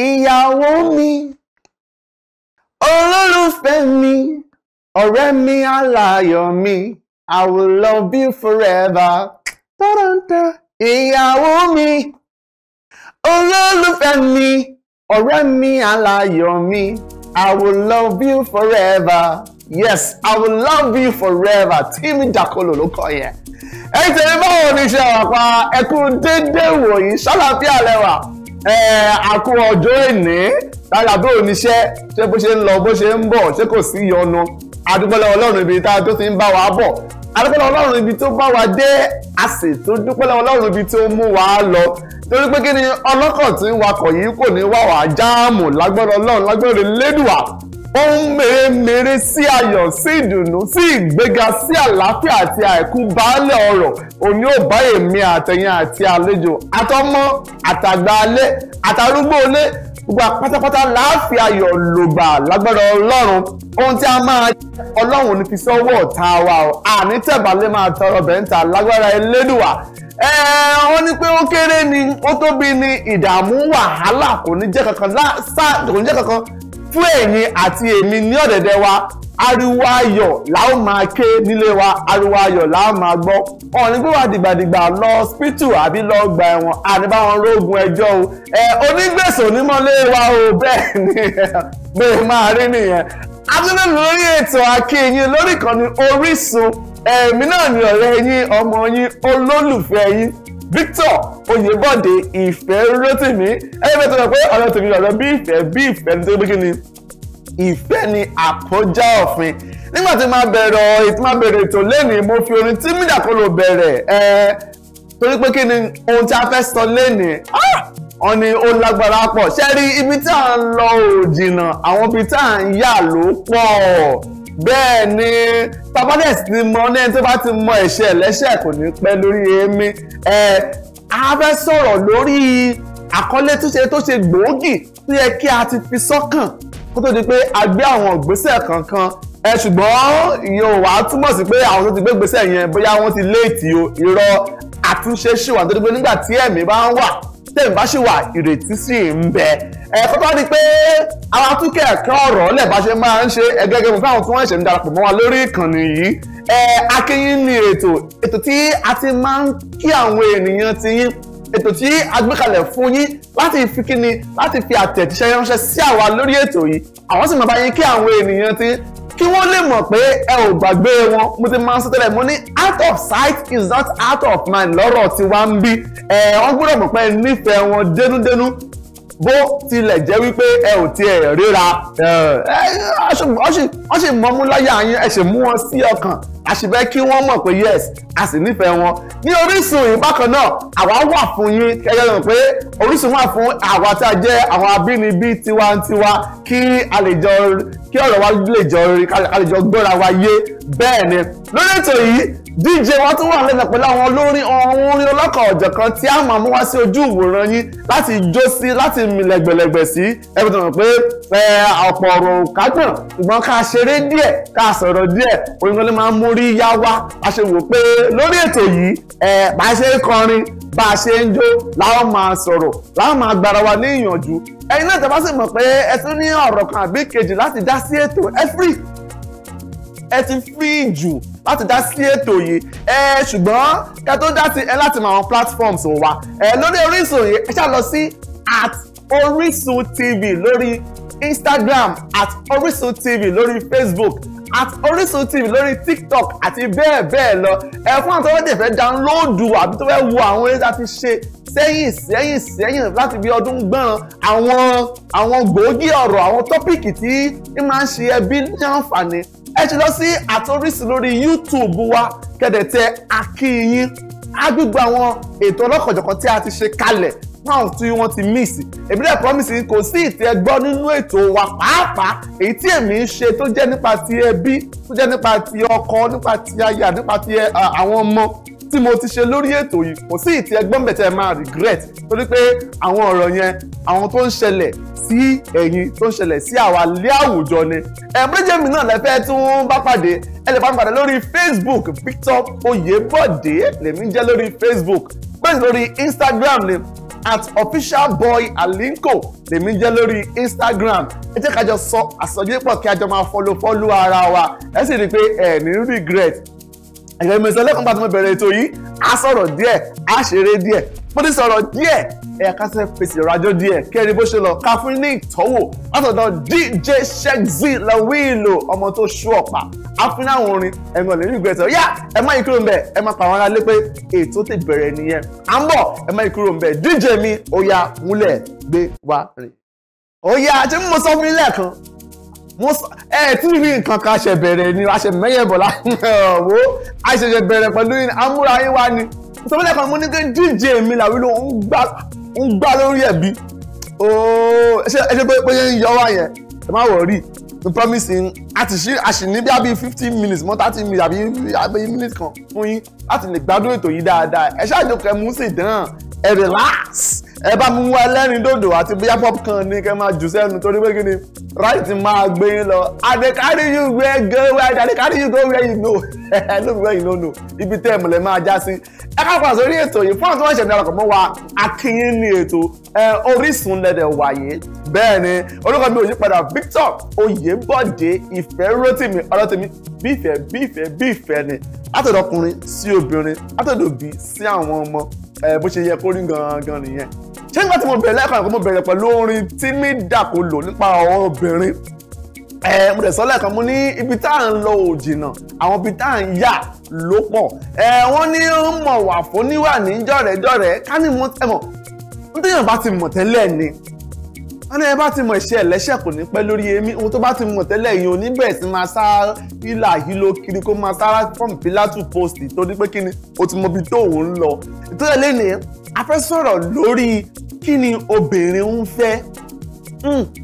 ìyàwó mi olólùfẹ́ mi ọ̀rẹ́ mi aláyọ̀ mi I will love you forever. ìyàwó mi olólùfẹ́ mi ọ̀rẹ́ mi aláyọ̀ mi I will love you forever. Yes, I will love you forever. Timi Dakolo ló kọ yẹn. ẹ tẹ̀lé báwo ni ṣe wà pa ẹkún déédéé wòyí ṣàlàfíà lẹ́wà àkó ọjọ́ ìní lára bí oníṣẹ́ ṣé bó ṣe ń lọ bó ṣe ń bọ̀ ṣé kò sí ìyọnu adúpẹ́lẹ́ ọlọ́run ibi tá a tó ti ń bá wa bọ̀ adúpẹ́lẹ́ ọlọ́run ibi tó bá wa dé a sì tún dúpẹ́lẹ́ ọlọ́run ibi tó mú wa lọ torí pé kí ni ọlọ́kọ̀ tí ń wakọ̀ yìí kò ní wà wá jáàmù lágbọ́dọ̀ ọlọ́run lágbọ́dọ̀ lẹ́dùà ohun mèremère sí ayọ̀ sí ìdùnnú sí ìgbéga sí àlàáfíà àti àìkú baálẹ̀ ọrọ̀ òní ò bá èmi àtẹ̀yìn àti àlejò àtọmọ àtàgbà alẹ́ àtàrúgbó olé gbogbo pátápátá láàfin ayọ̀ lòbà lágbára ọlọ́run ohun tí a máa ọlọ́run ní fi sọ́wọ́ ọ̀tá wa ọ̀ àní tẹ̀bálẹ̀ máa tọrọ bẹ́ńtà lágbára elédùà wọ́n ní pé ó kéré ni ó tóbi ni ìdààmú wàhálà kò ní jẹ́ kankan fún ẹ̀yin àti èmi ní ọ̀dẹ̀dẹ̀ wa ariwo ayọ̀ la ó máa ké nílé wa ariwo ayọ̀ la ó máa gbọ́ wọn ní gbéwà dìgbàdìgbà lọ hospital àbí lọ gba ẹ̀wọ̀n àníbáwọn rógun ẹjọ́ o ẹ onígbèsè onímọ̀lé wa o bẹ́ẹ̀ ni bẹ́ẹ̀ máa rí nìyẹn abúlé lórí ètò AkiiYin lórí ìkànnì Orísun èmi náà ni ọ̀rẹ́ yín ọmọ yín olólùfẹ́ yín Victor Oyèbọ̀dé ìfẹ́ Rótìmí ẹgbẹ́ tó sọ pé ọ̀rọ̀ tèmi ọ̀rọ̀ bí ìfẹ́ bí ìfẹ́ nítorí pé kí ni ìfẹ́ ni àkójá òfin nígbà tí máa bẹ̀rẹ̀ ètò máa bẹ̀rẹ̀ ètò lẹ́nìí mo fi orin tí mídà kó lò bẹ̀rẹ̀ ẹ̀ torí pé kí ni ohun tí a fẹ́ sọ lẹ́nìí ah! wọ́n ní ó lágbára pọ̀ ṣẹ́rí ibi tí à ń lọ ò jìnnà àwọn ibi tí à ń yà ló pọ̀ bẹ́ẹ̀ ni tabadex ti mọ ní ẹni tó bá ti mọ ẹ̀ṣẹ̀ lẹ́ṣẹ̀ kò ní pẹ́ lórí èémí ẹ a fẹ́ sọ̀rọ̀ lórí àkọlé tó ṣe tó ṣe gbòógì tó yẹ kí a ti fi sọ́kàn kó tó di pé a gbé àwọn ìgbésẹ̀ kankan ẹ ṣùgbọ́n ìyẹn ò wá túmọ̀ sí pé àwọn tó ti gbé ìgbésẹ̀ yẹn bóyá wọ́n ti léètì irọ́ àtúnṣe ṣì wà nítorí pé nígbà tí ẹ̀mí bá ń wà tẹ̀ bá ṣì wà ìrètí sì ń bẹ ẹ̀kọ́ tó di pé ara tún kẹ̀kẹ́ ọ̀rọ̀ lẹ̀ bá ṣe máa ń ṣe ẹgbẹ́gbẹ́ fún àwọn tí wọ́n ṣẹ̀ ń darapọ̀ mọ́ wa lórí ìkànnì yìí akínyìn ni ètò ètò tí a ti máa ń kí àwọn ènìyàn ti yín ètò tí a gbé kalẹ̀ fún yín láti fi kíni láti fi àtẹ̀jíṣẹ́ ránṣẹ́ sí àwa lórí ètò yìí àwọn sì máa bá yín kí àwọn ènìyàn ti kí wọ́n lè mọ̀ pé ẹ ò gbàgbé wọn mo ti máa ń sọ tẹ́lẹ̀ mo ní out of sight is not out of mind lọ́rọ̀ tí wàá ń bí ẹ wọ́n gbọ́dọ̀ mọ̀ pé nífẹ̀ẹ́ wọn dénúdénú bó tilẹ̀ jẹ́ wípé ẹ ò tiẹ̀ ríra ẹ ọ ṣì mọ́mú láyà yín ẹ ṣì mú wọn sí ọkàn a sì fẹ́ kí wọ́n mọ̀ pé yes a sì nífẹ̀ẹ́ wọn ní Orísun yìí bákan náà àwa wà fún yín kẹjọ rẹ̀ pé Orísun wà fún àwa tá a jẹ́ àwọn abínibí tiwantiwa kí a lè jọ kí ọ̀rọ̀ wa lè jọ rí ká lè jọ gbọ́ra wa yé bẹ́ẹ̀ ni lórí ètò yìí DJ wọn tún wà lẹ́nu pẹ̀lú àwọn olórin ọ̀hún orin ọlọ́kọ̀ ọ̀jọ̀kan tí a máa mú wá sí ojú ìwòran yín láti jó sí láti mi lẹ́gbẹ̀lẹ́gbẹ̀ sí ẹbí tó mọ̀ pé ọ̀pọ̀ ọ̀rọ̀ kágbọ̀n ṣùgbọ́n ká ṣeré díẹ̀ ká sọ̀rọ̀ díẹ̀ orin kan ló máa ń mú orí yá wá a ṣe wò pé lórí ètò yìí ẹ bá a ṣe ń kọrin bá a ṣe ń jó làwọn máa sọ̀rọ̀ làwọn máa gbára wa ní ìyànjú ẹ̀yin náà tẹ́fà sì mọ̀ pé ẹ tún ní ọ̀rọ̀ kan àbí kejì láti dá sí ètò ẹ free ẹ ti free jù láti dá sí ètò yìí ẹ ṣùgbọ́n ká tó dá sí ẹ láti mọ àwọn platforms wa ẹ lórí Orísun yìí ẹ ṣá lọ sí at Orisun TV lórí Instagram at Orisun TV lórí Facebook at Orisun TV lórí TikTok àti bẹ́ẹ̀ bẹ́ẹ̀ lọ ẹ fún àwọn tó fẹ́ tẹ̀ fẹ́ dáńlóòdù àbí tó fẹ́ wo àwọn eré tá a ti ṣe sẹ́yìn sẹ́yìn sẹ́yìn láti bí ọdún gbọ́n àwọn àwọn gbòógì ọ̀rọ̀ àwọn tọ́pìkì tí ń máa ń ṣe ẹbí ní àǹfààní ẹ ti lọ sí at Orisun lórí YouTube wa kẹ̀dẹ̀tẹ̀ akínyìn á gbígbó àwọn ètò ọlọ́kọ̀jọ̀kan tí a ti ṣe kalẹ̀ pound tí wọ́n ti miss èmi dẹ̀ promise kò sí ìtẹ́ gbọ́ nínú ètò wa pàápàá èyí tí èmi ń ṣe tó jẹ́ nípa ti ẹbí tó jẹ́ nípa ti ọkọ nípa ti aya nípa ti àwọn ọmọ tí mo ti ṣe lórí ètò yìí kò sí ìtì ẹgbọ́n bẹ̀tẹ̀ máa regret torí pé àwọn ọ̀rọ̀ yẹn àwọn tó ń ṣẹlẹ̀ sí ẹ̀yin tó ń ṣẹlẹ̀ sí àwa lé àwùjọ ni ẹ̀ẹ́dẹ́jẹ́ mi náà lẹ́fẹ́ tí wọ́n bá pàdé ẹ lè bá mi pàdé lórí Facebook Victor Oyèbọ̀dé lèmi jẹ́ lórí Facebook bẹ́ẹ̀ lórí Instagram ni at official boy alinko lèmi jẹ́ lórí instagram ẹ jẹ́ ká jọ sọ àsọjúpọ̀ kí a jọ máa fọlọ́ fọ́lú ara wa ẹ sì rí i pé ẹ ní regret ẹ̀yẹ́ mi sọ lẹ́kùn pàtó mo bẹ̀rẹ̀ ètò yìí á sọ̀rọ̀ díẹ̀ á ṣeré díẹ̀ mo ti sọ̀rọ̀ díẹ̀ ẹ̀yà kásẹ̀ fèsì rájò díẹ̀ kẹ́rin bó ṣe lọ ká fún ní ìtọ́wò látọ̀dọ̀ DJ Shexy Lawilo ọmọ tó ṣú ọ̀pá afinna àwọn orin ẹ̀gbọ́n lè rí ìgbẹ́ ẹ̀sẹ̀ yá ẹ má yí kúrò ń bẹ̀ ẹ má pa àwọn ará lé pé ètò ti bẹ̀rẹ̀ nìyẹn à ń bọ̀ ẹ má yí ń bẹ̀ DJ mi ó yá múlẹ̀ gbé wá rìn. ó yá ṣé mo sọ fún ilé ẹ̀kan ẹ tí rí nǹkan kan ṣe bẹ̀rẹ̀ ni a ṣe mẹ́yẹ̀bọ̀ láwọ́ a bẹ̀rẹ̀ pẹ̀lú amúra yín wá ni sọ fún ilé ẹ̀kan mo ní pé DJ mi Lawilo ń gbà ń gbá lórí ẹ̀bí ooo ẹ ṣe pé pé ń yọ wá yẹn ẹ má wọ̀ rí the promise in àti ṣí àṣìní bí àbí fifteen minutes mọ́ thirty minutes àbí àbí minutes kan fún yín láti lè gbádùn ètò yìí dáadáa ẹ ṣáàjò kẹ́ mú sí ìdán ẹ relax ẹ bá mú ẹlẹ́rìn dòdò àti bóyá popcorn ni kẹ́ máa jù sẹ́nu torí pé kí ni right máa gbé yín lọ àdè carry you where go where àdè carry you go where you know ẹ ló where you know no ibi tẹ́ ẹ̀ mọ̀lẹ́ máa já sí ẹ ká pàṣẹ orí ètò yìí fún àwọn tí wọ́n ṣẹ̀ darapọ̀ mọ́ wa akínyìn ní ètò Orísun lẹ́dẹ̀ wáyé bẹ́ẹ̀ ni orúkọ mi ò yí padà Victor Oyèbọ̀dé ìfẹ́ Rótìmí Ọlọ́tìmí bífẹ́ bífẹ́ bífẹ́ ni látọ̀dọ̀kùnrin sí obìnrin látọ̀dọ̀bí sí àwọn ọmọ bó ṣe yẹ kó rí gangan nìyẹn ṣé nígbà tí mo bẹ̀rẹ̀ lẹ́ẹ̀kan mo bẹ̀rẹ̀ pẹ̀lú orin tí mi dà lò nípa ọ̀rọ̀ ẹ mo dẹ̀ sọ lẹ́ẹ̀kan mo ní ibi tá à ń lọ ò jìnnà àwọn ibi tá à ń yà ló pọ̀ ẹ wọ́n ní ń mọ̀ wà fún níwà ní jọ̀rẹ́jọ̀rẹ́ ká ní mo tẹ̀ mọ̀ nítorí èèyàn bá ti mọ̀ tẹ́lẹ̀ ni wọ́n ní ẹ bá ti mọ̀ iṣẹ́ ẹlẹ́ṣẹ̀ kò ní pẹ́ lórí èmi ohun tó bá ti mọ̀ tẹ́lẹ̀ èèyàn oníbẹ̀ sí máa sá hílà hílò kiri kó máa sá fọ́ọ̀mù pílátù pósìtì torí pé kí ni o ti mọ ibi tó òun lọ ìtọ́jà lẹ́nìí a fẹ́ sọ̀rọ̀ lórí kí obìnrin ń fẹ́ hmm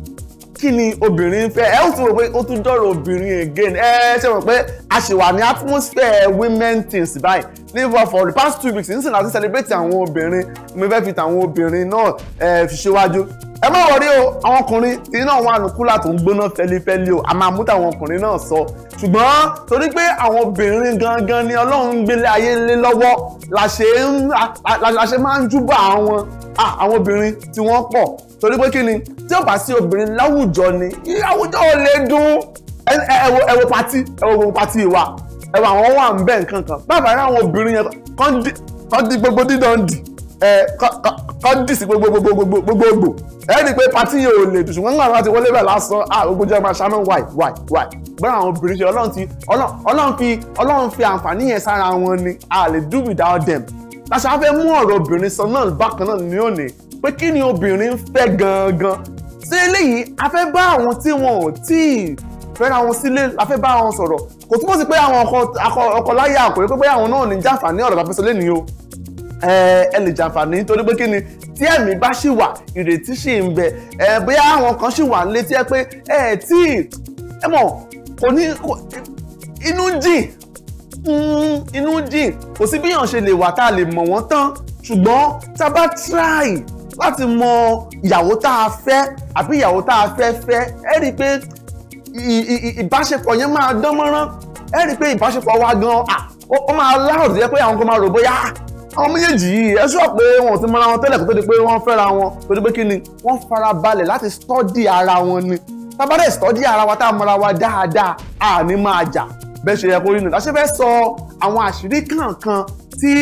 kí ni obìnrin fẹ́ ẹ ó tún rò pé ó tún dọ̀rọ̀ obìnrin again ẹ ṣe mọ̀ pé a ṣì wà ní atmosphere women things báyìí nípa for the past two weeks nísìnyí láti celebrate àwọn obìnrin mo fẹ́ fi tàwọn obìnrin náà fi ṣíwájú ẹ má wọrí o àwọn ọkùnrin iná àwọn àlùkùlà tó ń gbóná fẹlifẹli o a máa mú táwọn ọkùnrin náà sọ ṣùgbọ́n torí pé àwọn obìnrin gangan ni ọlọ́run ń gbélé ayé lé lọ́wọ́ la ṣe máa ń júbà àwọn àwọn obìnrin tí wọ́n pọ̀ torí pé kí ni tí ó bá sí obìnrin láwùjọ ni àwùjọ ò lè dún ẹ wo pati ẹ wo gbogbo pati wa ẹ wo àwọn wà ń bẹ nǹkan kan bàbá yẹn àwọn obìnrin yẹn kan di gbogbo dídán dì kọ́ndìsì gbogbogbogbogbò ẹni pé pati yìí ò lè dùn ṣùgbọ́n nígbà láti wọlé bẹ̀ lásán à gbogbo jẹ́ máa ṣáná wáì wáì wáì gbọ́n àwọn obìnrin ṣe ọlọ́run ti ọlọ́run fi ọlọ́run fi àǹfààní yẹn sára wọn ni a lè do without them láṣà fẹ́ mú ọ̀rọ̀ obìnrin sọ náà bákan náà ní òní pé kí ni obìnrin ń fẹ́ gangan ṣé eléyìí a fẹ́ bá àwọn tí wọn ò tíì fẹ́ra wọn sílé la fẹ́ bá wọn sọ̀rọ̀ kò túbọ̀ sí pé àwọn ọkọ láyà kò rí pé àwọn náà ní jàǹfààní ọ̀rọ̀ tàbí sọ lẹ́nìí o ẹ lè jàǹfààní nítorí pé kí ni tí ẹ̀mí bá ṣì wà ìrètí ṣì ń bẹ ẹ bóyá àwọn kan ṣì wà létí ẹ pé ẹ tí ẹ mọ̀ kò ní inú jìn hmm, inú jìn kò sí bí yàn ṣe lè wà tá a lè mọ̀ wọ́n tán ṣùgbọ́n tá a bá try láti mọ ìyàwó tá a fẹ́ àbí ìyàwó tá a fẹ́ fẹ́ ẹ rí i pé ìbáṣepọ̀ yẹn máa dán mọ́rán ẹ rí i pé ìbáṣepọ̀ wa gan-an ó máa láòdì jẹ́ pé àwọn kan máa rò bóyá àwọn méjèèjì yìí ẹ sọ pé wọn ò ti mọra wọn tẹ́lẹ̀ kó tó di pé wọ́n fẹ́ra wọn kó tó di pé kí ni wọ́n fara balẹ̀ láti stọ́dì ara wọn ni tábàdẹ̀ stọ́dì ara wa tá a mọra wa dáadáa àní máa jà bẹ́ẹ̀ ṣe yẹ kó rí nù láṣẹ fẹ́ sọ àwọn àṣírí kankan tí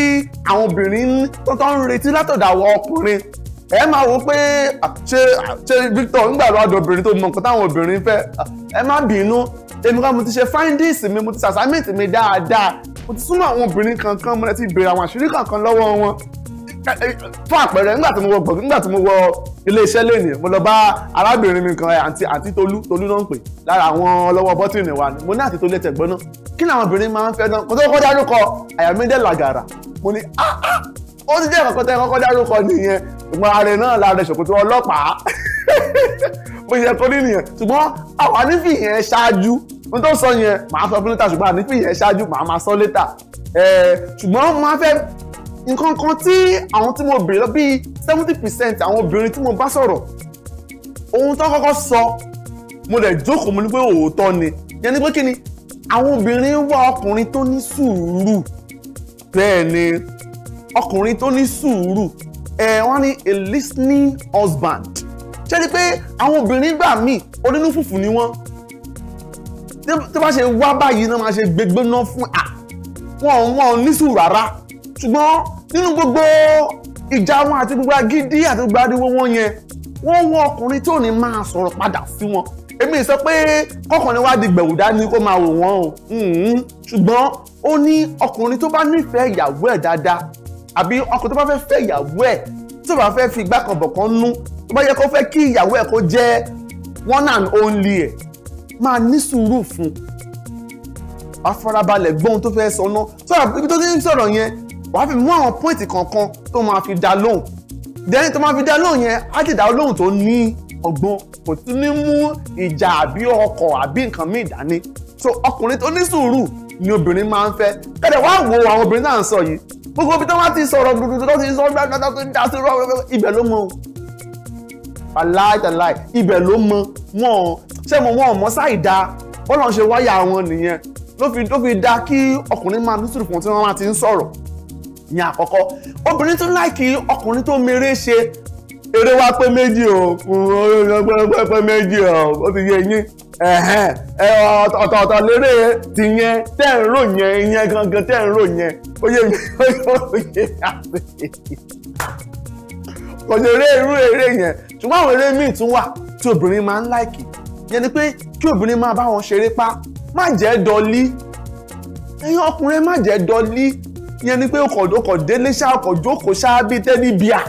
àwọn obìnrin tó tọ́ ń retí látọ̀dọ̀ àwọn ọkùnrin ẹ máa wò pé ṣe Victor nígbà tó adọ obìnrin tó mọ nǹkan táwọn obìnrin fẹ́ ẹ má bínú èmi kan mo ti ṣe findings mi mo ti ṣe assignment mi dáadáa mo ti súnmọ́ àwọn obìnrin kankan mo ti béèrè àwọn àṣírí kankan lọ́wọ́ wọn fún àpẹẹrẹ nígbà tí mo wọ gbọ̀ngàn nígbà tí mo wọ iléeṣẹ́ lẹ́nìí mo lọ bá arábìnrin mi kan àǹtí àǹtí Tolú Tolú náà ń pè lára àwọn ọlọ́wọ́ bọ́tìnì wa ni mo ní àǹtí Tolú ẹ̀tẹ̀gbọ́n náà kí ni àwọn obìnrin máa ń fẹ́ náà kò tó kọ́ dárúkọ àyà mi dẹ̀ làgàrà mo ní ah, ah, ó ti jẹ́ ìkọ̀kọ́ tẹ́ kọ́kọ́ dárúkọ nìyẹn ìmọ̀ ààrẹ náà lára ìṣòkòtò ọlọ́pàá bó ṣe kọ́ nìyẹn ṣùgbọ́n àwa nífìyẹn ṣáájú n tó sọ yẹn màá sọ fún létà ṣùgbọ́n àní fìyẹn ṣáájú màá máa sọ létà ṣùgbọ́n máa fẹ́ nǹkan kan tí àwọn tí mo bèrè lọ bíi seventy percent àwọn obìnrin tí mo bá sọ̀rọ̀ ohun tó kọ́kọ́ sọ mo lè jókòó mo ní pé òótọ́ ni yẹn ni pé kí ni àwọn obìnrin wá ọkùnrin tó ní sùúrù bẹ́ẹ̀ ni ọkùnrin tó ní sùúrù ẹ wọ́n ní a listening husband ṣé ni pé àwọn obìnrin gbà míì onínú fùfù ni wọ́n tó bá ṣe wá báyìí náà máa ṣe gbégbóná fún à wọn wọn nísù rárá ṣùgbọ́n nínú gbogbo ìjà wọn àti gbogbo agídí àti gbogbo ariwo wọn yẹn wọ́n wọ ọkùnrin tí ò ní máa sọ̀rọ̀ padà sí wọn èmi sọ pé kọkùnrin wá di gbẹ̀wù dání kó máa wò wọ́n o ṣùgbọ́n ó ní ọkùnrin tó bá nífẹ̀ẹ́ ìyàwó ẹ̀ dáadáa àbí ọkùnrin tó bá fẹ́ fẹ́ ìyàwó ẹ̀ tí ò bá fẹ́ fi igbá kan bọ̀ kan nú tó bá yẹ kó fẹ́ kí ìyàwó ẹ̀ kó jẹ́ one and only ẹ̀ máa ní sùúrù fún afarabalẹ̀ gbọ́n tó fẹ́ sọ ná sọ̀rọ̀ ibi tó ti ń sọ̀rọ̀ yẹn wàá fi mú àwọn pọ́ìntì kankan tó máa fi dá lóhùn dẹ́ni tó máa fi dá lóhùn yẹn á ti dá lóhùn tó ní ọgbọ́n kò tún ní mú ìjà àbí ọkọ̀ àbí nǹkan míì dání so ọkùnrin tó ní sùúrù ni obìnrin máa ń fẹ́ kẹ́lẹ̀ wá wo àwọn obìnrin náà ń sọ yìí gbogbo ibi tó wá ti sọ̀rọ̀ gbogbo tó ti sọ gbàgbà tó ń dá sí rọ́ ibẹ̀ ló mọ aláìtàláì ṣé mo wọn ọmọ sáì da bọ́lá ń ṣe wáyà wọn nìyẹn ló fi ló fi da kí ọkùnrin máa ní sùúrù fún tí wọ́n máa ti ń sọ̀rọ̀ ní àkọ́kọ́ obìnrin tó láìkí ọkùnrin tó mèrè ṣe eré wa pé méjì o pé méjì o ó ti yé yín ọ̀tọ̀ọ̀tọ̀ lérè ti yẹn tẹ́ ń rò yẹn ìyẹn gangan tẹ́ ń rò yẹn ó yé mi ó yé mi kò lè eré irú eré yẹn ṣùgbọ́n àwọn eré míì tún wà tí obìnrin máa ń láìkì yẹn ni pé kí obìnrin máa bá wọn ṣeré pa má jẹ́ dọ́lí ẹ̀yin ọkùnrin má jẹ́ dọ́lí yẹn ni pé ọkọ̀ délé ṣá ọkọ̀ jókòó ṣá bíi tẹ́lí bíà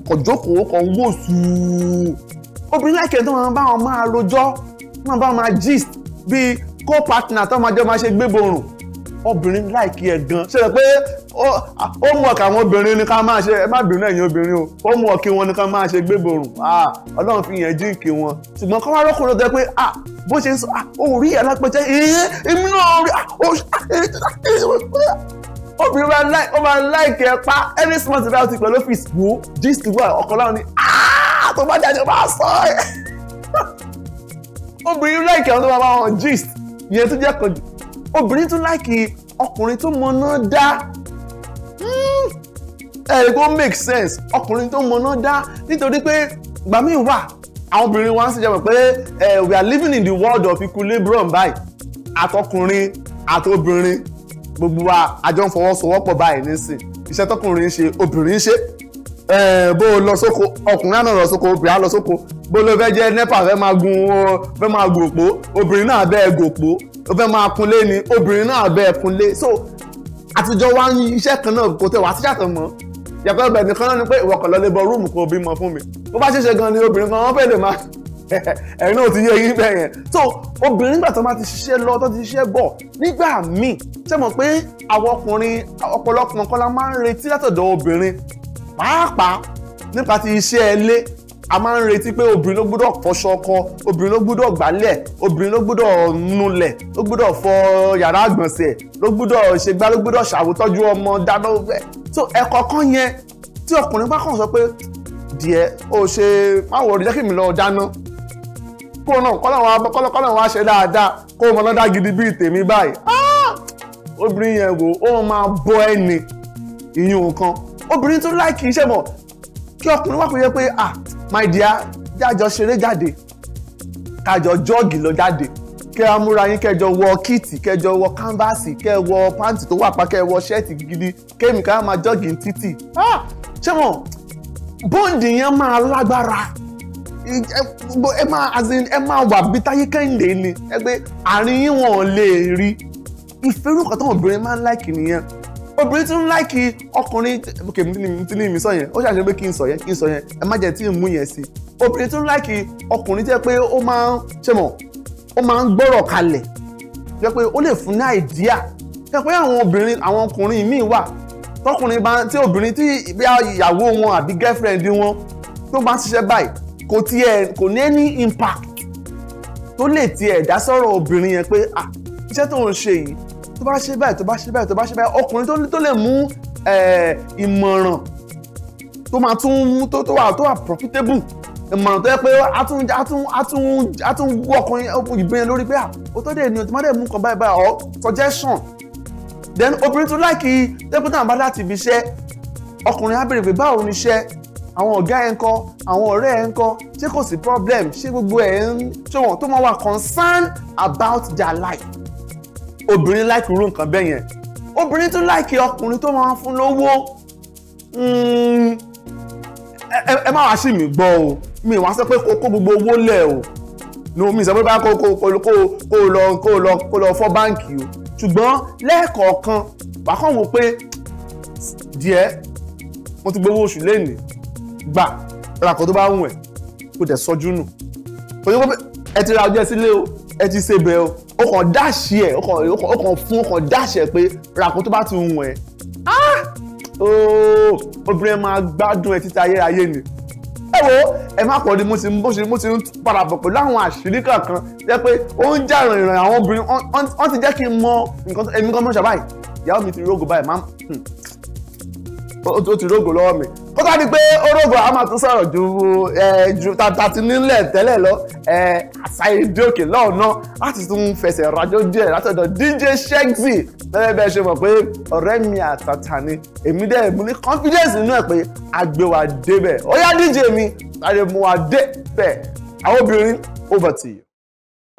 ọkọ̀ jókòó ọkọ̀ ń wò sùúrù obìnrin láìkẹ́ tó máa bá wọn máa rojọ́ máa bá wọn máa gist bíi co-partner tó máa jẹ́ máa ṣe gbéborùn obìnrin láìkí ẹ gan ṣe rẹ pé ó mú ọkà àwọn obìnrin ni ká máa ṣe ẹ má bínú ẹ̀yin obìnrin o ó mú ọkì wọn ni ká máa ṣe gbéborùn ọlọ́run fi yẹn jíǹkì wọn ṣùgbọ́n kọ́ wá rọ́kùnrin tó pé bó ṣe ń sọ òórí alápẹ̀jẹ́ ẹ̀ẹ́ èmi náà rí obìnrin máa láì ó máa láìkì ẹ pa any small thing about it pẹ̀lú ọ́fíìsì wo gist wà ọ̀kan láwọn ni tó bá jáde máa sọ ẹ́ obìnrin láìkì àwọn tó máa bá wọn gist ìyẹn tó jẹ́ kan obìnrin tún láìkì ọkùnrin tó mọ̀nà dá ẹ̀rí hmm. go eh, make sense ọkùnrin tó mọ̀nà dá nítorí pé gbàmí wà àwọn obìnrin wa ń ṣèjọba pé eh, we are living in the world of equilibrium báyìí àtọkùnrin àtobìnrin gbogbo wa àjọ ń fọwọ́sowọ́pọ̀ báyìí nísìn iṣẹ́ tọkùnrin ń ṣe obìnrin ń ṣe eh, bó o lọ sóko ọkùnrin náà lọ sóko obìnrin á lọ sóko bó ló fẹ́ jẹ́ nepa fẹ́ máa gun fẹ́ máa gòpó obìnrin náà bẹ́ẹ̀ gòpó o fẹ́ máa kunlé ni obìnrin náà bẹ́ẹ̀ kunlé so àtijọ́ wa ń iṣẹ́ kan náà kò tẹ̀ wá sí ṣàtọ̀ mọ́ yàtọ̀ ẹgbẹ́ nìkan náà ni pé ìwọkọ̀ lọ lébọ̀ rúùmù kò bímọ fún mi bó bá ṣeéṣe gan ni obìnrin kan wọ́n fẹ́ lè máa ẹ̀rín náà ti yé eyín bẹ́ẹ̀ yẹn so obìnrin nígbà tó máa ti ṣiṣẹ́ lọ tó ti ṣiṣẹ́ bọ̀ nígbà míì ṣe mọ̀ pé àwọn ọkùnrin ọ̀pọ̀lọpọ̀ nǹkan la máa ń retí látọ̀dọ̀ obìnrin pàápàá nípa ti iṣẹ́ ilé a máa ń retí pé obìnrin ló gbúdọ̀ fọṣọ ọkọ obìnrin ló gbúdọ̀ gbálẹ̀ obìnrin ló gbúdọ̀ nulẹ̀ ló gbúdọ̀ fọ yàrá àgbọ̀nsẹ̀ ló gbúdọ̀ ṣègbà ló gbúdọ̀ ṣàwòtọ́jú ọmọ dáná ọgbẹ́ so ẹ̀kọ́ kan yẹn tí ọkùnrin bá kàn sọ pé díẹ̀ ó ṣe má wọ̀ jẹ́ kí mi lọ dáná kó náà kọ́lọ̀ kọ́lọ̀ wá ṣe dáadáa kó mọ lọ́dá gidi bíi tèmi báyìí ah! obìnrin yẹn wò ó máa bọ ẹni ìyún nǹkan obìnrin tó láìkì iṣẹ́ mọ̀ kí ọkùnrin wà kó yẹ pé ah my dear jájọ ṣeré jáde kájọ jọ́ọ̀gì lọ jáde kẹ́ ẹ múra yín kẹjọ wọ kíìtì kẹjọ wọ kánvásì kẹ́ ẹ wọ pàǹtì tó wà pa kẹ́ wọ gidi kémi ká máa jọ́ọ̀gì títì ah! ṣé wọn ma yẹn máa lágbára ẹ ẹ máa wà bí táyé kẹ́hìndé ni ẹ àárín wọn ò lè rí obìnrin máa ń obìnrin tún láìkì ọkùnrin ok tí ní mi sọ yẹn ó ṣàṣẹ pé kí n sọ yẹn kí n sọ yẹn ẹ má jẹ tí n mú yẹn sí obìnrin tún láìkì ọkùnrin tẹ pé ó máa ń ṣe mọ ó máa ń gbọ́rọ̀ kalẹ̀ jẹ́ pé ó lè fún ní àìdíà jẹ́ pé àwọn obìnrin àwọn ọkùnrin míì wà tọkùnrin bá tí obìnrin tí ìyàwó wọn àbí girlfriend wọn tó bá ń ṣiṣẹ́ báyìí kò tiẹ̀ kò ní any impact tó lè tiẹ̀ dá sọ̀rọ̀ obìnrin yẹn pé ah iṣẹ́ tó ń ṣe yìí tó bá ṣe báyìí tó bá ṣe báyìí tó bá ṣe báyìí ọkùnrin tó lè mú eh, ìmọ̀ràn tó máa tún mú tó tó wà tó wà profitable ìmọ̀ràn tó yẹ pé atún atún atún atún wú ọkùnrin ìbéyàn lórí pé ó tó dé ni òtí má dé mú nǹkan báyìí báyìí or suggestion then obìnrin tó láìkí tẹ́pútà bá láti ibi iṣẹ́ ọkùnrin á béèrè pé báwo ni iṣẹ́ àwọn ọ̀gá ẹ̀ ń kọ́ àwọn ọ̀rẹ́ ẹ̀ ń kọ́ ṣé kò sí problem ṣé gbogbo ẹ̀ ń ṣọwọ́n tó máa wà concern about their life obìnrin láìkì irú nǹkan bẹ́ẹ̀ yẹn obìnrin tún láìkì ọkùnrin tó máa ń fún lówó hmm, ẹ má wá sí mi gbọ́ o mi wá sọ pé kó gbogbo owó lẹ̀ o no mi sọ pé bá kó lọ kó lọ kó lọ fọ́ báǹkì o ṣùgbọ́n lẹ́ẹ̀kọ̀ọ̀kan wàá kàn wò pé díẹ̀ mo ti gbowó oṣù lẹ́nìí gbà ra kó tó bá wù ẹ́ kó dẹ̀ sọ́jú nù kò yẹ kó ẹ ti ra ọjọ́ sílé o ẹ ti ṣe bẹ́ẹ̀ o kàn dáṣì ẹ̀ o kàn fún o kàn dáṣì ẹ̀ pé ra nǹkan tó bá ti wù ẹ́ ah! obìnrin ẹ máa gbádùn ẹ títí ayérayé ni ẹ wo ẹ má pọ̀ ni mo ti mo ti mo ti ń padà bọ̀ pẹ̀lú àwọn àṣírí kankan jẹ́ pé ó ń jà ràn ìrìn àwọn obìnrin wọ́n ti jẹ́ kí n mọ nǹkan ẹ̀mí kan mọ́ ṣàbáyé ìyàwó mi ti rógò báyìí máa ń hmm, ó ti rógò lọ́wọ́ mi kó tó di pé ó rógò a máa tún sọ̀rọ̀ ju ju tàti nílẹ̀ tẹ́lẹ̀ lọ àṣàyèdè òkè lọ́ọ̀nà láti tún fẹsẹ̀ rajò díẹ̀ látọ̀dọ̀ DJ Shexy lẹ́yìn bẹ́ẹ̀ ṣe mọ̀ pé ọ̀rẹ́ mi àtàtà ni èmi dẹ̀ mo ní confidence nínú ẹ̀ pé àgbèwà débẹ̀ ó yá DJ mi àdèmùwà débẹ̀ àwọn obìnrin over to you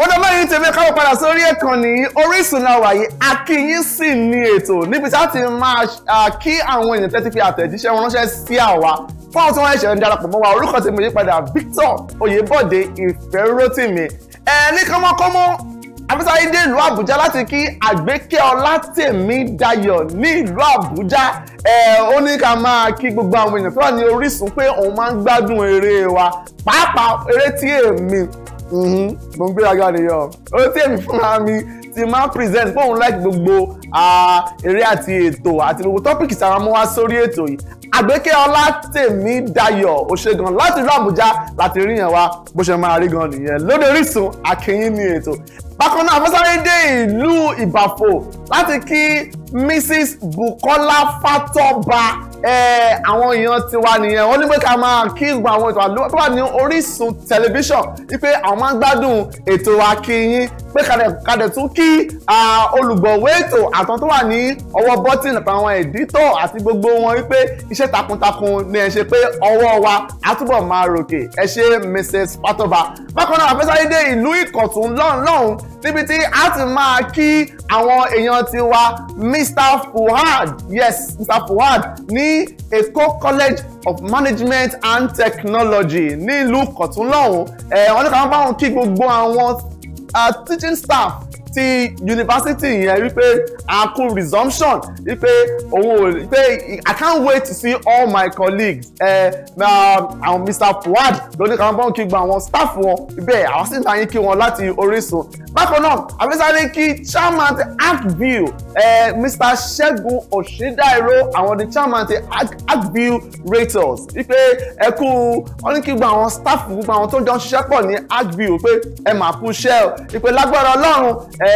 olùmọ̀yìn tèmi káwọ́ padà sórí ẹ̀kànnì Orísun náà wàyí akínyìn sì ni ètò níbi tá a ti máa kí àwọn èèyàn tẹ́tí fi àtẹ̀jíṣẹ́ wọn ránṣẹ́ sí àwa fún àwọn tí wọ́n ṣẹ̀ṣẹ̀ ń darapọ̀ mọ́ wa orúkọ tèmi yí padà Victor Oyèbọ̀dé Ìfẹ́rótìmí ẹ̀ ní kọ́mọ́kọ́mọ́ abisari dé ìlú Àbújá láti kí Àgbékẹ́ Ọlátèmídayọ̀ ní ìlú Àbújá ẹ ó ní ká máa kí gbogbo àwọn èèyàn tó wà ní Orísun pé òun máa ń gbádùn eré wa pàápàá eré tí èmi Mhm. mo ń gbéraga nìyẹn ó tèmi fúnra mi ti máa present fóun like gbogbo eré àti ètò àti gbogbo tọ́pìkì sára mọ́ wá sórí ètò yìí àgbékẹ́ ọlátèmídayọ̀ òṣègùn láti ìlú àbújá láti rí yẹn wá bó ṣe máa rí gan nìyẹn lóde orísun akínyìn ní ètò bákan náà afẹ́sáré dé ìlú ìbàfò láti kí mrs bukola Fatoba àwọn èèyàn tiwa nìyẹn wọ́n ní pé ká máa kí gbogbo àwọn ètò àlọ́ tó wà ní Orísun tẹlifíṣàn wípé àwọn máa ń gbádùn ètò wa kí yín pé kàdẹ̀ tún kí olùgbọ̀wé ètò àtàn tó wà ní ọwọ́ bọ́tìn àtàwọn ẹ̀dítọ̀ àti gbogbo wọn wípé iṣẹ́ takuntakun ni ẹ ṣe pé ọwọ́ wa àtúbọ̀ máa ròkè ẹ ṣe Mrs Patoba bákan náà àfẹ́sáyé dé ìlú Ìkọ̀tún lọ́hùn níbi tí a ti máa kí àwọn èèyàn ti wa Mr Fuad yes Mr Fuad ní Èkó College of Management and Technology nílùú Ìkọ̀tún lọ́hùn ẹ̀ wọ́n ní ká wọ́n bá wọn kí gbogbo àwọn our teaching staff ti yunifásitì yẹn wípé àkún resumption wípé òun ò wípé i can't wait to see all my colleagues ẹ um, àwọn Mr. Fuad lóní kan bọ́n kí gba àwọn staff wọn bẹ́ẹ̀ àwọn sì ń ta yín kí wọn láti Orísun bákan náà àfẹsàlẹ̀ kí chairman ti Acview ẹ Mr. Ṣẹ́gun Òṣìdáìró àwọn the chairman ti Acview Raters wípé ẹ kú wọn ní kí gba àwọn staff gbogbo àwọn tó jọ ń ṣiṣẹ́ pọ̀ ní Acview pé ẹ máa kú ṣẹ́ ọ ìpè lágbára Ọlọ́run ẹ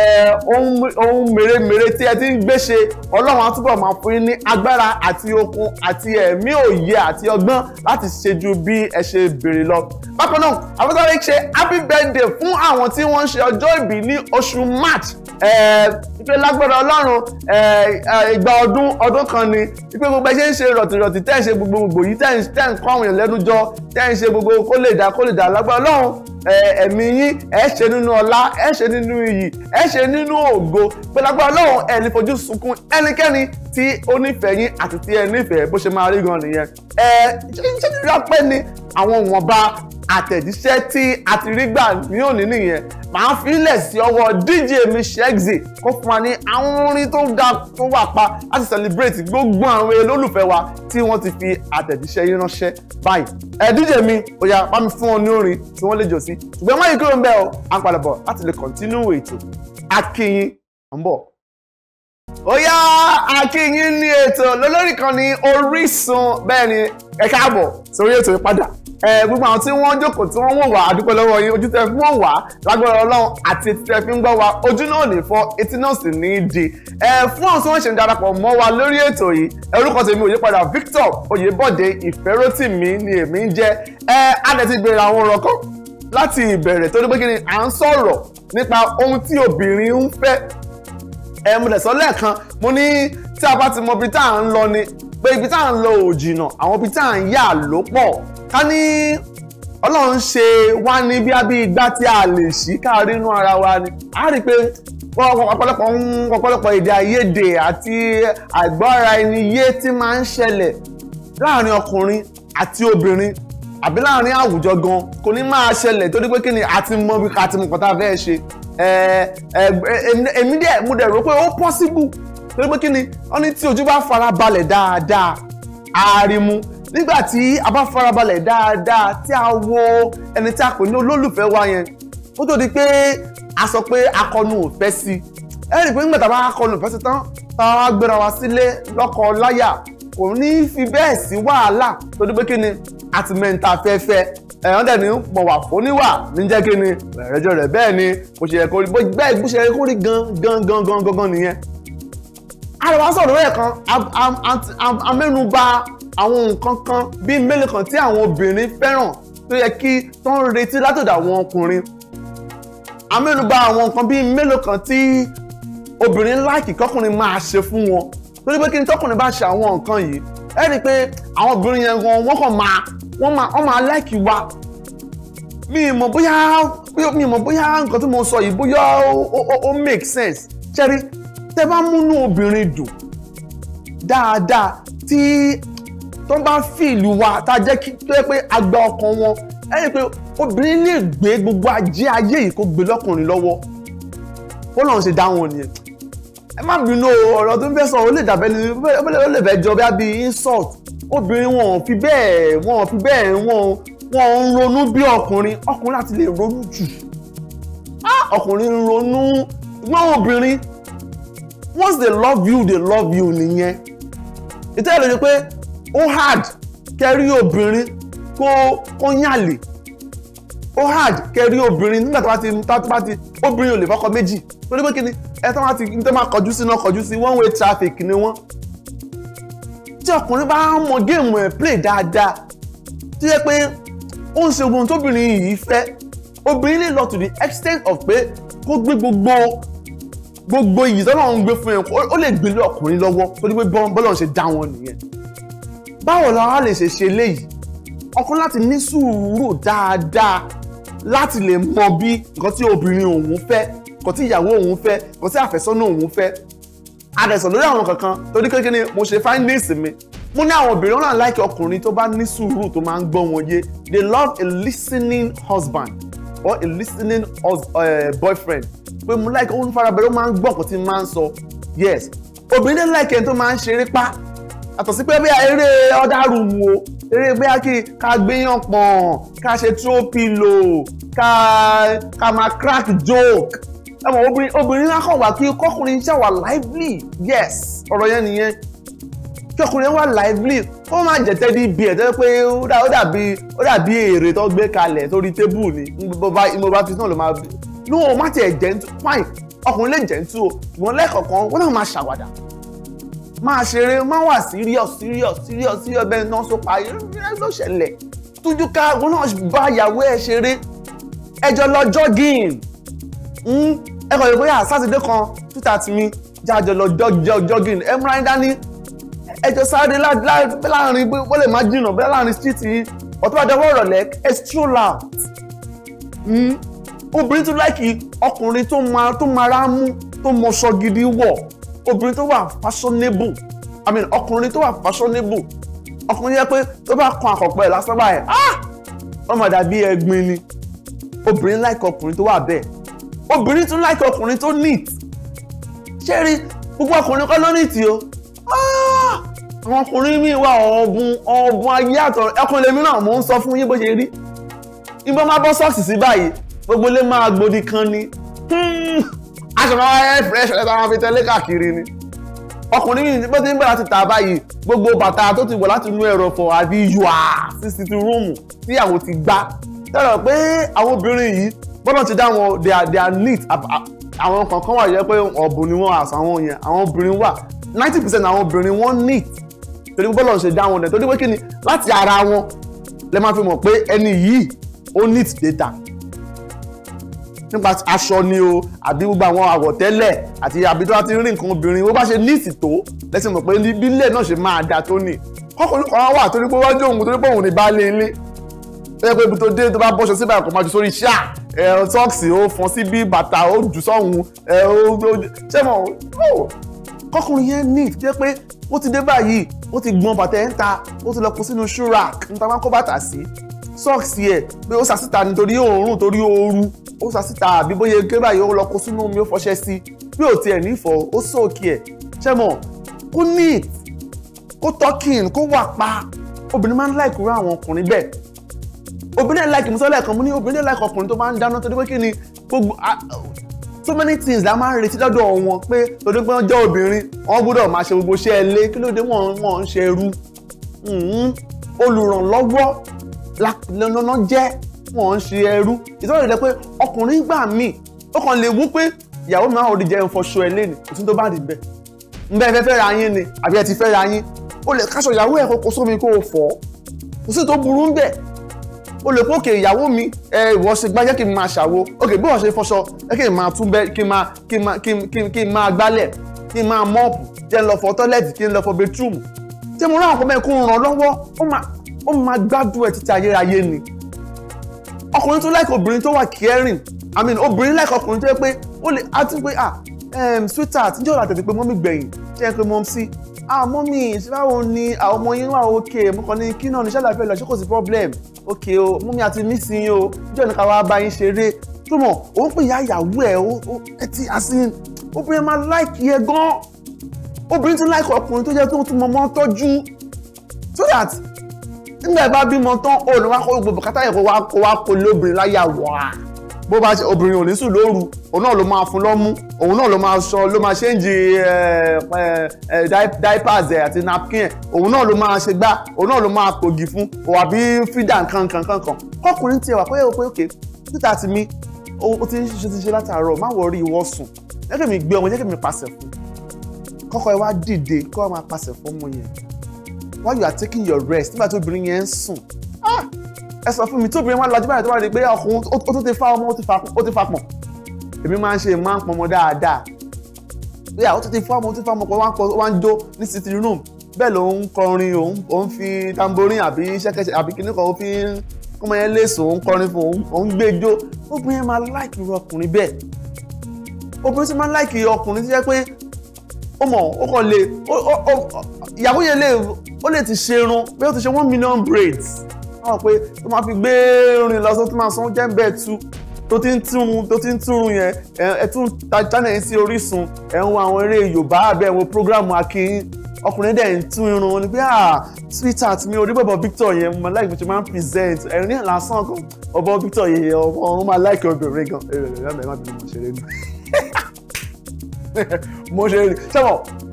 ohun mèremère tí ẹ ti ń gbéṣe ọlọ́run á túbọ̀ máa fún yín ní agbára àti okun àti ẹ̀mí òye àti ọgbọ́n láti ṣe ju bí ẹ ṣe béèrè lọ. bákan náà afẹ́sáré ṣe happy birthday fún àwọn tí wọ́n ń ṣe ọjọ́ ìbí ní oṣù march ipe lágbára ọlọ́run ìgbà ọdún ọdún kan ni ipe gbogbo ẹ ṣe ń ṣe rọ̀tìrọ̀tì tẹ́ ń ṣe gbogbo gbòyí tẹ́ ń kọ́ àwọn èèyàn lẹ́nu jọ tẹ́ ń ṣe gbogbo ẹ̀mí yín ẹ ṣe nínú ọlá ẹ ṣe nínú iyì ẹ ṣe nínú ògo pẹ̀lágbára Ọlọ́run ẹ̀ ní fojú sunkún ẹnikẹ́ni tí ó nífẹ̀ẹ́ yín àti tí ẹ nífẹ̀ẹ́ bó ṣe máa rí gan nìyẹn ẹ ṣe ní rápẹ́ ni àwọn ìwọ̀nba àtẹ̀jíṣẹ́ tí a ti rí gbà ní òní nìyẹn màá filẹ̀ sí ọwọ́ DJ mi Sheexy kó fún wa ní àwọn orin tó ga tó wà pa láti celebrate gbogbo àwọn olólùfẹ́ wa tí wọ́n ti fi àtẹ̀jíṣẹ́ yín ránṣẹ́ báyìí ẹ DJ mi ó yá bá mi fún wọn ní orin tí wọ́n lè jò sí ṣùgbọ́n má yí kúrò ń bẹ́ẹ̀ o à ń padà bọ̀ láti lè continue ètò AkiiYin ń bọ̀ ó yá akínyín ní ètò lólórí kan ní Orísun bẹ́ẹ̀ ni ẹ káàbọ̀ sórí ètò ìpadà gbogbo àwọn tí wọ́n jókòó tí wọ́n wò wá àdúpẹ́ lọ́wọ́ yín ojú tẹ́ fi wọ́n wá lágbára ọlọ́run àti etí tẹ́ fi ń gbọ́ wa ojú náà ní fọ́ etí náà sì ní í di fún àwọn tí wọ́n ṣe ń darapọ̀ mọ́ wa lórí ètò yìí orúkọ tèmi òyípadà Victor Oyèbọ̀dé Ìfẹ́rótìmí ni èmi ń jẹ́ adẹ̀tí gbèrè àwọn ọ̀rọ̀ kan láti ìbẹ̀rẹ̀ tó pé kí ni à ń sọ̀rọ̀ nípa ohun tí obìnrin ń fẹ́ ẹ mo dẹ̀sọ́ lẹ́ẹ̀kan mo ní tí a bá ti mọ ibi tá à ń lọ ni pé ibi tá à ń lọ ò jìnnà àwọn ibi tá à ń yà ló pọ̀ ká ní ọlọ́run ṣe wá ní bí abí igbá tí a lè ṣí káàrí inú ara wa ni a rí i pé ọ̀pọ̀lọpọ̀ ń ọ̀pọ̀lọpọ̀ èdè àìyedè àti àìgbọ́ra ẹni yé tí máa ń ṣẹlẹ̀ láàrin ọkùnrin àti obìnrin àbí láàrin àwùjọ gan kò ní máa ṣẹlẹ̀ torí pé kí ni àti mọ bí ká ti mọ pátá fẹ́ ṣe èmi dẹ̀ mo dẹ̀ rò pé ó possible torí pé kí ni wọ́n ní tí ojú bá fara balẹ̀ dáadáa àárímú nígbà tí a bá fara balẹ̀ dáadáa tí a wo ẹni tí a pè ní olólùfẹ́ wa yẹn ó tó di pé a sọ pé akọnu ò fẹ́ sí ẹ pé nígbà a bá akọnu ò fẹ́ sí tán tá a wá gbéra wa sílé lọ́kọ láyà kò ní fi bẹ́ẹ̀ sí wàhálà torí pé kí ni àti mẹ́ta fẹ́fẹ́ ẹ̀hán dẹ̀ ní mọ̀ wà fún níwà ní jẹ́ kí ni ẹ̀rẹ́jọ rẹ̀ bẹ́ẹ̀ ni mo ṣe yẹ kó rí bẹ́ẹ̀ bó ṣe yẹ kó rí gan gan gan gan gan gan nìyẹn. àrẹwà sọ̀rọ̀ lóye kan amẹ́nuba àwọn nǹkan kan bíi mélòó kan tí àwọn obìnrin fẹ́ràn tó yẹ kí tó ń retí látọ̀dọ̀ àwọn ọkùnrin amẹ́nuba àwọn nǹkan bíi mélòó kan tí obìnrin láìkì kọ́kùnrin máa ṣe fún wọn torí pé kí ni tọ́kùnrin bá ṣe àwọn nǹkan yìí ẹ rí i pé àwọn obìnrin yẹn gan wọ́n kàn máa wọ́n máa wọ́n máa láìkì wa mi mọ̀ bóyá mi mọ̀ bóyá nǹkan tí mo sọ yìí bóyá ó make sense ṣẹ́rí tẹ́ bá múnú obìnrin dùn dáadáa tí tó bá fìlú wa tá a jẹ́ kí tó yẹ pé a gba ọkàn wọn ẹ rí i pé obìnrin lè gbé gbogbo ajé ayé yìí kó gbé lọ́kùnrin lọ́wọ́ ó lọ́n ṣe dá wọn nìyẹn ẹ má bínú ọ̀rọ̀ tó ń fẹ́ sọ ó lè dàbẹ́ ni ó lè fẹ́ jọ bí insult obìnrin wọn ò fi bẹ́ẹ̀ wọn ò fi bẹ́ẹ̀ wọn wọn ò ń ronú bí ọkùnrin ọkùnrin láti lè ronú jù ọkùnrin ń ronú wọn obìnrin once they love you they love you nìyẹn ìtẹ́ ìlú ni pé ó hard kẹrí obìnrin kó kó yànlè ó hard kẹrí obìnrin nígbà tó bá ti obìnrin ò lè fọkọ méjì torí pé kí ni ẹ tó máa ti tó máa kọjú sí náà kọjú sí one way traffic ni wọ́n. tí ọkùnrin bá mọ géèmù ẹ̀ play dáadáa tó yẹ pé ó ń ṣe ohun tóbìnrin yìí fẹ́ obìnrin lè lọ to the extent of pé kó gbé gbogbo gbogbo iyì tó náà ń gbé fún ẹ ó lè gbé lé ọkùnrin lọ́wọ́ torí pé bọ́lọ̀ ṣe dá wọn nìyẹn. báwo la wá lè ṣe ṣe léyìí ọkùnrin láti ní sùúrù dáadáa láti lè mọ bí nǹkan tí obìnrin òun fẹ́ kò tí ìyàwó òun fẹ́ kò tí àfẹ́sọ́nà òun fẹ́ àdẹ̀sọ̀ lórí àwọn kankan torí kékeré mo ṣe findings mi mo ní àwọn obìnrin náà láìkí ọkùnrin tó bá ní sùúrù tó máa ń gbọ́ wọn yé they love a listening husband or a listening hus uh, boyfriend pé mo láìkí òun farabẹ̀rẹ̀ ó máa ń gbọ́ ọ̀kọ̀ tí mo máa ń sọ yes obìnrin náà láìkí ẹni tó máa ń ṣeré pa àtọ̀ sí pé bí eré ọ̀dà rùmù o eré bí a kì í ká gbéyàn pọ̀n ká ṣe trópìlò ká ká máa crack joke ẹmọ obìnrin obìnrin náà kàn wá kí kọkùnrin ṣe wà lively yes ọ̀rọ̀ yẹn nìyẹn kí ọkùnrin wà lively ó máa jẹ tẹ́lí bí ẹ̀ tẹ́lẹ̀ pé ó dàbí ó dàbí èrè tó gbé kalẹ̀ sórí tébù ni mo bá fi náà ló máa bí ní o má tiẹ̀ jẹ́ fine ọkùnrin lè jẹ́ tú o ṣùgbọ́n lẹ́ẹ̀kọ̀kan wọ́n náà máa ṣàwàdà máa ṣeré máa wà serious serious serious serious bẹ́ẹ̀ náà so pa ẹ ló ṣẹlẹ̀ tújúká wọn náà bá ìyàwó ẹ ṣeré ẹjọ́ lọ jogging hmm? ẹ kàn lè bóyá ah, sátidé kan twitter ti mi jájọ lọ jọgìn ẹ múra ní dání ẹjọ sáré láàrin wọ́n lè má jìnnà bẹ́ẹ̀ láàrin street yìí ọ̀túnbàdàwọ̀ ìrọ̀lẹ́ ẹ stroll out hmm? obìnrin tó láìkì ọkùnrin tó máa tó mara mú tó mọṣọ gidi wọ̀ obìnrin tó wà fashionable i mean ọkùnrin tó wà fashionable ọkùnrin yẹ pé tó bá kan àkọ̀pẹ́ lásán báyìí ah wọ́n máa dàbí ẹ̀gbin ni obìnrin láìkì ọkùnrin tó wà bẹ́ẹ̀ obìnrin tún láìka ọkùnrin tó neat ṣé rí gbogbo ọkùnrin kọ́ ló neat o ah! àwọn ọkùnrin mi wà ọ̀bùn ọ̀bùn ayé àtọ̀ ẹkùnrin lèmi náà mò ń sọ fún yín bó ṣe rí ìbọn máa bọ́ sọ́ọ̀sì sí báyìí gbogbo lè máa gbòdì kan ni hmm, aṣọ máa ẹ fresh ọ̀lẹ́ta máa fi tẹ́lẹ̀ káàkiri ni ọkùnrin yìí bó ti ń bẹ̀rẹ̀ láti tà báyìí gbogbo bàtà tó ti wọ̀ láti inú ẹ̀rọ fọ̀ àbí yùá sí sitting room tíyàwó ti gbá tẹ́lẹ̀ pé àwọn obìnrin yìí bọ́lá ti dá wọn they are they are neat àwọn kankan wà yẹ pé ọ̀bùn ni wọ́n àṣà wọn yẹn àwọn obìnrin wà ninety percent àwọn obìnrin wọ́n neat torí bọ́lá ṣe dá wọn dẹ̀ torí pé kí ni láti ara wọn lẹ máa fi mọ̀ pé ẹni yìí ó neat data nípa aṣọ ni o àbí gbogbo àwọn àwọ̀tẹ́lẹ̀ àti àbí tó bá ti rí nǹkan obìnrin bó bá ṣe neat tó lẹ́sìn mọ̀ pé bí ilé náà ṣe máa da tó nì kọ́kọ́lù kan wà torí pé wájú òun torí pé òun ní baálé ilé tó pé ibi tó dé tó bá bọ́ṣọ síbà kò máa ju sórí ṣáà ẹ sọ́ọ̀sì ó fọn síbí bàtà ó jù sọ́hun ẹ ó ṣé mo ó kọkùnrin yẹn ní jẹ́ pé ó ti dé báyìí ó ti gbọn bàtà ẹ̀ ń ta ó ti lọ kó sínú ṣúra níta máa ń kó bàtà sí sọ́ọ̀sì ẹ̀ pé ó sàṣìta nítorí òórùn torí ooru ó sàṣìta àbí bóyá ké báyìí ó lọ kó sínú omi ó fọṣẹ sí bí ò tiẹ̀ nífọ̀ ó sóòkì ẹ̀ ṣé mo kó neat kó tọ́kìn kó wà pa obìnrin máa ń láìkúrò àwọn ọkùnrin bẹ́ẹ̀ obìnrin like ìmúsọ́lẹ̀ kan mo ní obìnrin like ọkùnrin tó máa ń dáná torí pé kí ni gbogbo ah, so many things la máa ń retí lọ́dọ̀ wọn pé torí pé wọ́n jẹ́ obìnrin wọ́n gbọ́dọ̀ máa ṣe gbogbo iṣẹ́ ilé kí ló dé wọ́n wọ́n ń ṣe irú hmm, olùrànlọ́wọ́ lọ́nà jẹ́ wọ́n ń ṣe ẹrú ìtọ́jú rẹ̀ pé ọkùnrin gbà mí ó kàn lè wú pé ìyàwó mi àwọn òdìjẹ́ ìfọṣọ ẹ̀ lé ní kò tún tó bá rí bẹ́ẹ̀ ń bẹ́ẹ̀ fẹ́ fẹ́ ra yín ni àbí ẹ ti fẹ́ ra yín o lè káṣọ ìyàwó ẹ̀ kó sómi kó o fọ̀ kò sí tó burú ń bẹ́ẹ̀ o lè pé òkè ìyàwó mi ẹ ìwọ ṣe gbá jẹ́ kí n máa ṣàwo òkè bí wọ́n ṣe fọṣọ ẹ kí n máa tún bẹ kí n máa kí n máa kí n máa gbálẹ̀ kí n máa mọ́ọ̀pù jẹ́ n lọ fọ tọ́lẹ̀tì kí n lọ fọ bẹtúùmù tí mo ráwọn kọ́mọ́ ẹ̀ kó ràn lọ́wọ́ ó máa gbádùn ẹ̀ títí ayérayé ni ọkùnrin tó láìka obìnrin tó wà caring i mean obìnrin láìka ọkùnrin tó yẹ pé ó lè á ti pé ah sweetheart ǹjẹ́ ọ̀la tètè pé mọ́mí gbẹ̀yìn ah mọ́mí síbáwo ni àwọn ah, ọmọ yín wà òkè mo kàn ní kí náà ní ṣàlàyé lọ ṣé kò sí problem òkè o mọ́mí àti mí sin o jíjọ́ ní ká wá bá yín ṣeré túmọ̀ òun pè ya ìyàwó ẹ̀ ó ti àsìn obìnrin máa láìkì ẹ gan obìnrin tún láìkì ọkùnrin tó jẹ́ tó tún mọ́mọ́ tọ́jú so that nígbà bá bímọ tán òun wá kó gbogbo kátà yẹn kó wá kó lóbìnrin láyà wá bó bá ṣe obìnrin ò ní sùn lóru òun náà ló máa fún lọ́mú òun náà ló máa sọ ló máa ṣéǹjì eh, eh, diapers ẹ̀ àti napkin ẹ̀ òun náà ló máa ṣe gbá òun náà ló máa pògì fún òun àbí fídà nǹkan nǹkan kankan kọkùnrin tiẹ̀ wà pé òkè òkè títà ti mi ó ti ń ṣe ti ṣe látàárọ̀ má wọrí ìwọ sùn jẹ́ kí mi gbé ọmọ jẹ́ kí mi pàṣẹ fún kọ́kọ́ ẹ wá dìde kọ́ ọ máa pàṣẹ fún ọmọ yẹn while you are taking your rest nígbà tí obìnrin yẹn ń sùn ah ẹ sọ fún mi tí obìnrin wa lajú báyìí tó bá rí i pé ọkùnrin ó tún ti fa ọmọ ó ti fa pọ̀n èmi máa ń ṣe máa ń pọn ọmọ dáadáa bí àwọn tó ti fa ọmọ ó ti fa ọmọ pọ̀ wá ń jó ní sitting room bẹ́ẹ̀ ló ń kọrin òun fi tamborin àbí ṣẹ́kẹ́ṣẹ́ àbí kíní kan ó fi ń kọ́mọ yẹn léèsò òun kọrin fún òun gbé jó obìnrin máa láìkì irú ọkùnrin bẹ́ẹ̀ obìnrin sì máa láìkì ọkùnrin tó jẹ́ pé ó mọ̀ ó kàn lè ìyàwó yẹn lè ó lè ti ṣerun bí ó ti ṣe one million braids wọ́n pé tó máa fi gbé rìn lọ sọ́tún máa sọ oúnjẹ bẹ́ẹ̀ tú tó ti ń túrun tó ti ń túrun yẹn ẹ tún ta channel sí Orísun ẹ ń wo àwọn eré Yorùbá abẹ́ ẹ wo programu Akin ọkùnrin dẹ̀ ń tún irun ni pé ah sweetheart mi orí bọ̀bọ̀ Victor yẹn mo like mo ṣe máa ń present ẹ̀rín ní lásán kan ọ̀bọ̀ Victor yẹn ọ̀pọ̀ ọ̀run máa like obìnrin gan èrè rẹ̀ lábẹ́ má bínú mo ṣe rédú mo ṣe rédú ṣé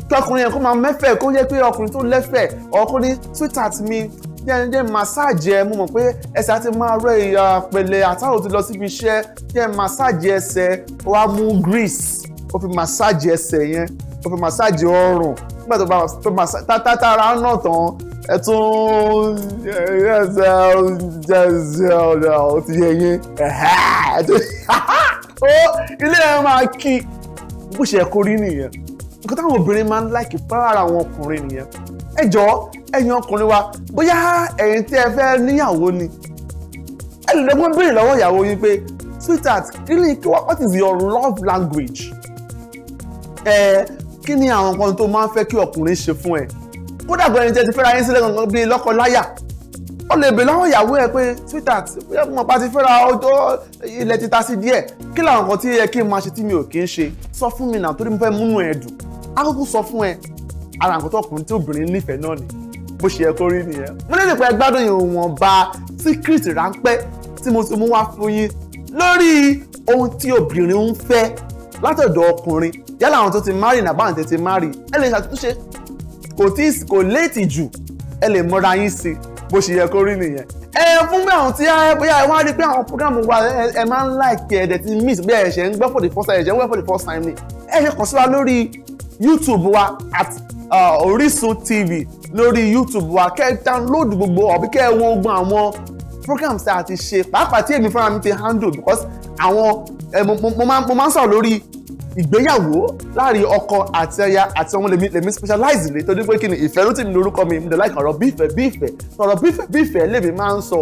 kí ọkùnrin yẹn kó máa mẹ́fẹ̀ẹ́ kó yẹ pé ọkùnrin tó lẹ́fẹ̀ẹ́ ọkùnrin sweetheart mi jẹ́ jẹ́ massage ẹ mo mọ̀ pé ẹsẹ̀ àti máa rẹ ìyá pẹ̀lẹ́ àtàwọn ti lọ síbi iṣẹ́ jẹ́ massage ẹsẹ̀ ó wá mú grease ó fi massage ẹsẹ̀ yẹn ó fi massage ọrùn nígbà tó bá tó massage tátàrà náà tán ẹ tún ẹsẹ̀ ẹsẹ̀ ọ̀dà ó ti yẹ yín ó ilé ẹ máa kí bó ṣe kórí nìyẹn nǹkan táwọn obìnrin máa ń láìkì fáwọn àwọn ọkùnrin nìyẹn ẹ jọ̀ọ́ ẹ̀yin ọkùnrin wa bóyá ẹ̀yin tí ẹ fẹ́ níyàwó ni ẹ lè dẹ́gbọ́n béèrè lọ́wọ́ ìyàwó yín pé sweetheart really what is your love language ẹ kí ni àwọn nǹkan tó máa ń fẹ́ kí ọkùnrin ṣe fún ẹ kódà gan ẹni tí ẹ ti fẹ́ra yín sílẹ̀ gangan bíi lọ́kọ-láyà ó lè bè lọ́wọ́ ìyàwó ẹ pé sweetheart bóyá mo pa ti fẹ́ra ọjọ́ ilẹ̀ ti ta sí díẹ̀ kí làwọn nǹkan tí ẹ kí n máa ṣe tí mi ò kí ń ṣe sọ fún mi náà torí mo fẹ́ múnú ẹ dùn á sọ fún ẹ ara nǹkan tó kùn tí obìnrin nífẹ̀ẹ́ náà ni bó ṣe yẹ kó rí nìyẹn. mo lérò pé gbádùn ìwọ̀nba secret ráńpẹ́ tí mo ti mú wá fún yín lórí ohun tí obìnrin ń fẹ́ látọ̀dọ̀ ọkùnrin yálà àwọn tó ti márì nàbá àwọn tó ti márì ẹ lè ṣàtúnṣe kò tí kò léètì jù ẹ lè mọra yín sí bó ṣe yẹ kó rí nìyẹn ẹ fún bí àwọn tí ẹ bóyá ẹ wá rí pé àwọn programu wa ẹ máa ń like ẹ dẹ̀ ti miss bí ẹ ṣe ń gbọ́ for the first time ẹ ṣe ń wẹ́ for the first time ni ẹ ṣe kàn sí wa lórí YouTube wa at Ah, Orísun TV lórí YouTube wa kẹ́ ẹ download gbogbo ọ̀bí kẹ́ ẹ wo gbọ́n àwọn programs tá a ti ṣe pàápàá tí èmi fúnra mi ti handle because àwọn eh, mo máa ń sọ̀rọ̀ lórí ìgbéyàwó láàrin ọkọ àti aya àti ọmọ lèmi lèmi specialize lè torí pé kí ni ìfẹ́ ló ti mi lórúkọ mi mo dẹ̀ láìka ọ̀rọ̀ bífẹ̀ bífẹ̀ ọ̀rọ̀ bífẹ̀ bífẹ̀ lèmi máa ń sọ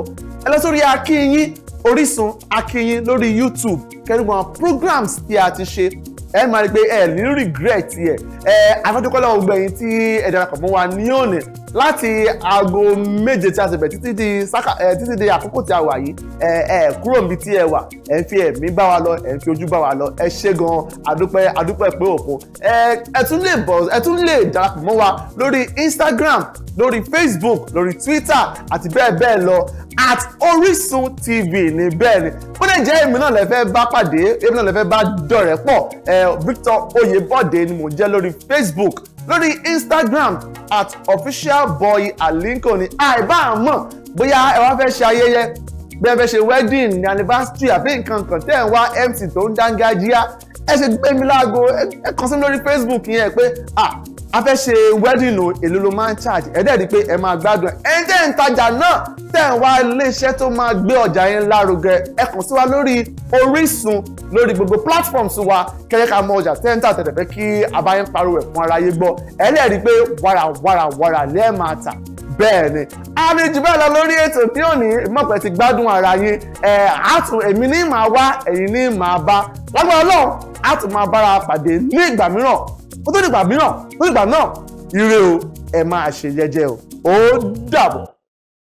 ẹ lọ sórí akínyín Orísun akínyín lórí YouTube kẹ́rin wọn programs tí a ti ṣe ẹ máa rí i pé ẹ ní regret yẹ ẹ afẹ́dúkọ́lá gbogbo ẹ̀yin tí ẹ darapọ̀ mọ́ wa ní òní láti aago méje tí a ṣe bẹ̀ títí di saka ẹ títí di àkókò tí a wà yìí ẹ ẹ kúrò níbi tí ẹ wà ẹ ń fi ẹ̀mí bá wa lọ ẹ ń fi ojú bá wa lọ ẹ ṣé gan adúpẹ́ adúpẹ́ pé òkun ẹ ẹ tún lè bọ̀ ẹ tún lè darapọ̀ mọ́ wa lórí Instagram lórí Facebook lórí Twitter àti bẹ́ẹ̀ bẹ́ẹ̀ lọ at Orísun TV ní bẹ́ẹ̀ ni bó lè jẹ́ èmi náà lè fẹ́ bá pàdé èmi náà lè fẹ́ bá dọ̀rẹ́ pọ̀ Victor Oyèbọ̀dé ni mò ń jẹ́ lórí Facebook lórí Instagram at officialboyalinko ni àìbá àmọ́ bóyá ẹ wá fẹ́ ṣe ayẹyẹ bí ẹ fẹ́ ṣe wedding ní anniversary àbí nǹkan kan tẹ́ ẹ̀ ń wá MC tó ń dángájíá ẹ ṣe gbé mi láago ẹ kàn sí mi lórí Facebook yẹn pé ah a fẹ́ ṣe wedding o èlò ló máa ń charge ẹ̀dẹ́ rí pé ẹ máa gbádùn ẹ̀ ń tẹ́ ń tajà náà tẹ́ ń wá iléeṣẹ́ tó máa gbé ọjà yẹn lárugẹ ẹ kàn sí wa lórí Orísun lórí gbogbo platforms wa kẹ́kẹ́ ká mọ ọjà tẹ́ ń tà tẹ̀lẹ̀ fẹ́ kí abáyé ń pariwo ẹ̀ fún aráyé gbọ́ ẹ̀dẹ́ rí pé wàrà wàrà wàrà lẹ́ẹ̀ máa tà bẹ́ẹ̀ ni àlejò bẹ́ẹ̀ lọ lórí ètò tí ò ní mọ̀pẹ́ ti gbádùn ara yín ẹ̀ àtún èmi ní màá wá ẹ̀yin ní màá bá lágbára Ọlọ́run àtún máa bára pàdé ní ìgbà mìíràn ó tó dìgbà mìíràn tó dìgbà náà ire o ẹ máa ṣe jẹ́jẹ́ o ó dàbọ̀.